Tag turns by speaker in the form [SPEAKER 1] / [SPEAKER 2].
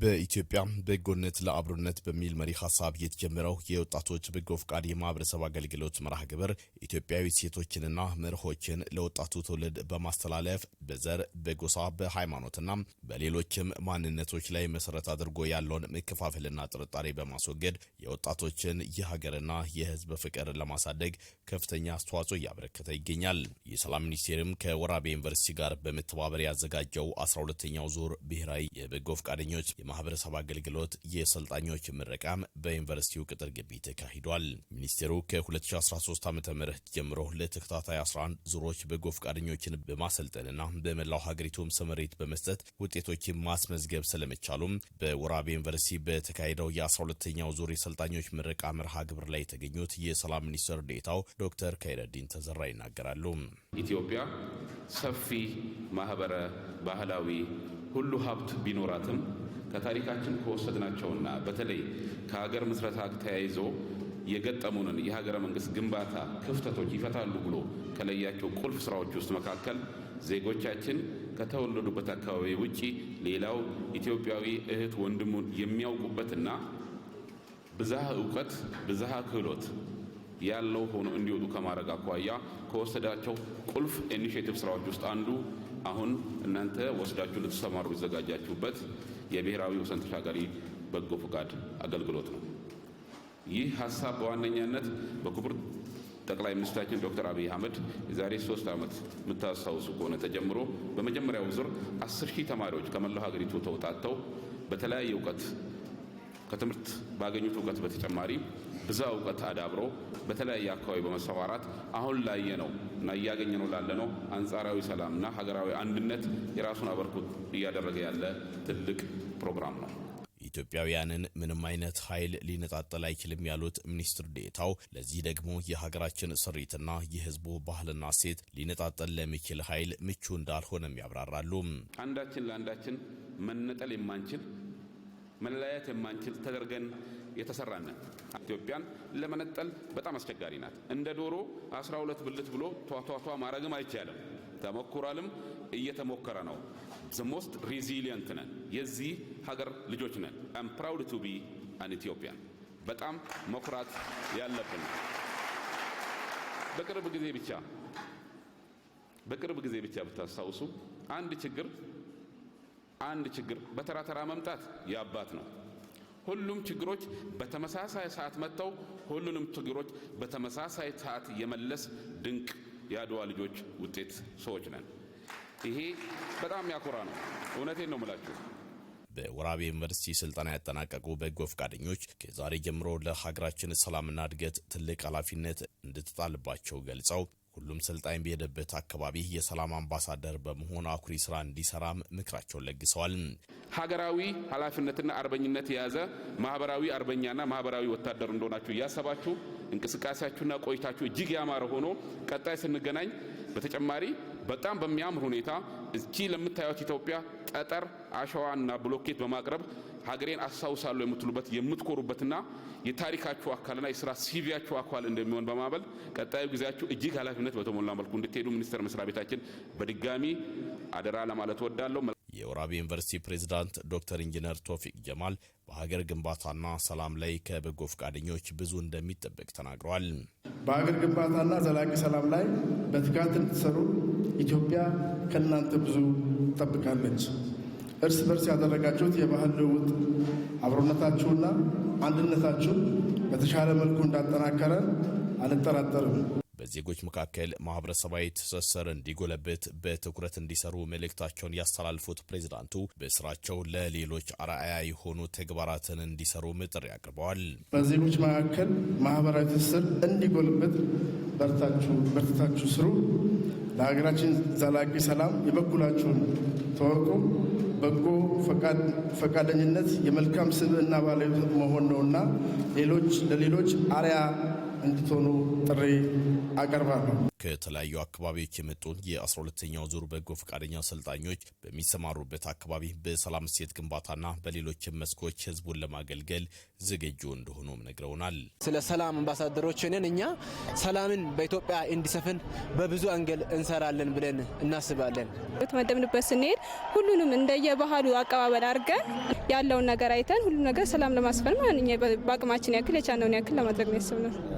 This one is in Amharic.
[SPEAKER 1] በኢትዮጵያ በጎነት ለአብሮነት በሚል መሪ ሀሳብ የተጀመረው የወጣቶች በጎ ፍቃድ የማህበረሰብ አገልግሎት መርሃ ግብር ኢትዮጵያዊ ሴቶችንና መርሆችን ለወጣቱ ትውልድ በማስተላለፍ በዘር፣ በጎሳ፣ በሃይማኖትና በሌሎችም ማንነቶች ላይ መሰረት አድርጎ ያለውን መከፋፈልና ጥርጣሬ በማስወገድ የወጣቶችን የሀገርና የህዝብ ፍቅር ለማሳደግ ከፍተኛ አስተዋጽኦ እያበረከተ ይገኛል። የሰላም ሚኒስቴርም ከወራቤ ዩኒቨርሲቲ ጋር በመተባበር ያዘጋጀው 1 ሁለተኛው ዙር ብሔራዊ የበጎ ፍቃደኞች የማህበረሰብ አገልግሎት የሰልጣኞች ምረቃም በዩኒቨርሲቲው ቅጥር ግቢ ተካሂዷል። ሚኒስቴሩ ከ2013 ዓ ም ጀምሮ ለተከታታይ 11 ዙሮች በጎ ፈቃደኞችን በማሰልጠንና በመላው ሀገሪቱም ስምሪት በመስጠት ውጤቶችን ማስመዝገብ ስለመቻሉም በወራቤ ዩኒቨርሲቲ በተካሄደው የ12ኛው ዙር የሰልጣኞች ምረቃ መርሃ ግብር ላይ የተገኙት የሰላም ሚኒስትር ዴታው ዶክተር ከይረዲን ተዘራ ይናገራሉ።
[SPEAKER 2] ኢትዮጵያ ሰፊ ማህበረ ባህላዊ ሁሉ ሀብት ቢኖራትም ከታሪካችን ከወሰድናቸውና በተለይ ከሀገር ምስረታ ተያይዞ የገጠሙንን የሀገረ መንግስት ግንባታ ክፍተቶች ይፈታሉ ብሎ ከለያቸው ቁልፍ ስራዎች ውስጥ መካከል ዜጎቻችን ከተወለዱበት አካባቢ ውጪ ሌላው ኢትዮጵያዊ እህት ወንድሙን የሚያውቁበትና ብዝሃ እውቀት ብዝሃ ክህሎት ያለው ሆኖ እንዲወጡ ከማድረግ አኳያ ከወሰዳቸው ቁልፍ ኢኒሽቲቭ ስራዎች ውስጥ አንዱ አሁን እናንተ ወስዳችሁ ልትሰማሩ ይዘጋጃችሁበት የብሔራዊ ወሰን ተሻጋሪ በጎ ፈቃድ አገልግሎት ነው። ይህ ሀሳብ በዋነኛነት በክቡር ጠቅላይ ሚኒስትራችን ዶክተር አብይ አህመድ የዛሬ ሶስት ዓመት የምታስታውሱ ከሆነ ተጀምሮ በመጀመሪያው ዙር አስር ሺህ ተማሪዎች ከመላው ሀገሪቱ ተውጣተው በተለያየ እውቀት ከትምህርት ባገኙት እውቀት በተጨማሪ ብዛ እውቀት አዳብሮ በተለያየ አካባቢ በመሰማራት አሁን ላየ ነው እና እያገኘ ነው ላለ ነው አንጻራዊ ሰላምና ሀገራዊ አንድነት የራሱን አበርኩት እያደረገ ያለ ትልቅ ፕሮግራም ነው።
[SPEAKER 1] ኢትዮጵያውያንን ምንም አይነት ኃይል ሊነጣጠል አይችልም ያሉት ሚኒስትር ዴታው ለዚህ ደግሞ የሀገራችን ስሪትና የህዝቡ ባህልና ሴት ሊነጣጠል ለሚችል ኃይል ምቹ እንዳልሆነም ያብራራሉ።
[SPEAKER 2] አንዳችን ለአንዳችን መነጠል የማንችል መለያየት የማንችል ተደርገን የተሰራነ ኢትዮጵያን ለመነጠል በጣም አስቸጋሪ ናት። እንደ ዶሮ አስራ ሁለት ብልት ብሎ ቷቷቷ ማድረግም አይቻልም። ተሞክሯልም እየተሞከረ ነው። ዘ ሞስት ሪዚሊየንት ነን፣ የዚህ ሀገር ልጆች ነን። አም ፕራውድ ቱ ቢ አን ኢትዮጵያን። በጣም መኩራት ያለብን በቅርብ ጊዜ ብቻ በቅርብ ጊዜ ብቻ ብታስታውሱ አንድ ችግር አንድ ችግር በተራ ተራ መምጣት የአባት ነው። ሁሉም ችግሮች በተመሳሳይ ሰዓት መጥተው ሁሉንም ችግሮች በተመሳሳይ ሰዓት የመለስ ድንቅ የአድዋ ልጆች ውጤት ሰዎች ነን። ይሄ በጣም ያኮራ ነው። እውነቴን ነው ምላችሁ።
[SPEAKER 1] በወራቤ ዩኒቨርሲቲ ስልጠና ያጠናቀቁ በጎ ፈቃደኞች ከዛሬ ጀምሮ ለሀገራችን ሰላምና እድገት ትልቅ ኃላፊነት እንድትጣልባቸው ገልጸው ሁሉም ሰልጣኝ በሄደበት አካባቢ የሰላም አምባሳደር በመሆን አኩሪ ስራ እንዲሰራም ምክራቸውን ለግሰዋል።
[SPEAKER 2] ሀገራዊ ኃላፊነትና አርበኝነት የያዘ ማህበራዊ አርበኛና ማህበራዊ ወታደር እንደሆናችሁ እያሰባችሁ እንቅስቃሴያችሁና ቆይታችሁ እጅግ ያማረ ሆኖ ቀጣይ ስንገናኝ በተጨማሪ በጣም በሚያምር ሁኔታ እቺ ለምታዩት ኢትዮጵያ ጠጠር አሸዋና ብሎኬት በማቅረብ ሀገሬን አስታውሳለሁ የምትሉበት የምትኮሩበትና የታሪካችሁ አካልና የስራ ሲቪያችሁ አካል እንደሚሆን በማመል ቀጣዩ ጊዜያችሁ እጅግ ኃላፊነት በተሞላ መልኩ እንድትሄዱ ሚኒስቴር መስሪያ ቤታችን በድጋሚ አደራ ለማለት ወዳለሁ።
[SPEAKER 1] የወራቤ ዩኒቨርሲቲ ፕሬዝዳንት ዶክተር ኢንጂነር ቶፊቅ ጀማል በሀገር ግንባታና ሰላም ላይ ከበጎ ፈቃደኞች ብዙ እንደሚጠበቅ ተናግረዋል።
[SPEAKER 3] በሀገር ግንባታና ዘላቂ ሰላም ላይ በትጋት እንድትሰሩ ኢትዮጵያ ከእናንተ ብዙ ትጠብቃለች። እርስ በርስ ያደረጋችሁት የባህል ልውውጥ አብሮነታችሁና አንድነታችሁ በተሻለ መልኩ እንዳጠናከረ አልጠራጠርም።
[SPEAKER 1] በዜጎች መካከል ማህበረሰባዊ ትስስር እንዲጎለብት በትኩረት እንዲሰሩ መልእክታቸውን ያስተላልፉት ፕሬዚዳንቱ በስራቸው ለሌሎች አርአያ የሆኑ ተግባራትን እንዲሰሩ ምጥር አቅርበዋል።
[SPEAKER 3] በዜጎች መካከል ማህበራዊ ትስስር እንዲጎልበት በርታችሁ ስሩ፣ ለሀገራችን ዘላቂ ሰላም የበኩላችሁን ተዋውቆ በጎ ፈቃደኝነት የመልካም ስብዕና ባለቤት መሆን ነውና ሌሎች ለሌሎች አርያ እንድትሆኑ ጥሪ አቀርባለሁ።
[SPEAKER 1] ከተለያዩ አካባቢዎች የመጡ የ12ኛው ዙር በጎ ፈቃደኛ አሰልጣኞች በሚሰማሩበት አካባቢ በሰላም እሴት ግንባታና በሌሎች መስኮች ህዝቡን ለማገልገል ዝግጁ እንደሆኑም ነግረውናል።
[SPEAKER 4] ስለ ሰላም አምባሳደሮች ነን እኛ። ሰላምን በኢትዮጵያ እንዲሰፍን በብዙ አንገል እንሰራለን ብለን እናስባለን።
[SPEAKER 5] የተመደብንበት ስንሄድ ሁሉንም እንደየባህሉ አቀባበል አድርገን ያለውን ነገር አይተን ሁሉም ነገር ሰላም ለማስፈን ማንኛ በአቅማችን ያክል የቻነውን ያክል ለማድረግ ነው ያስብነው።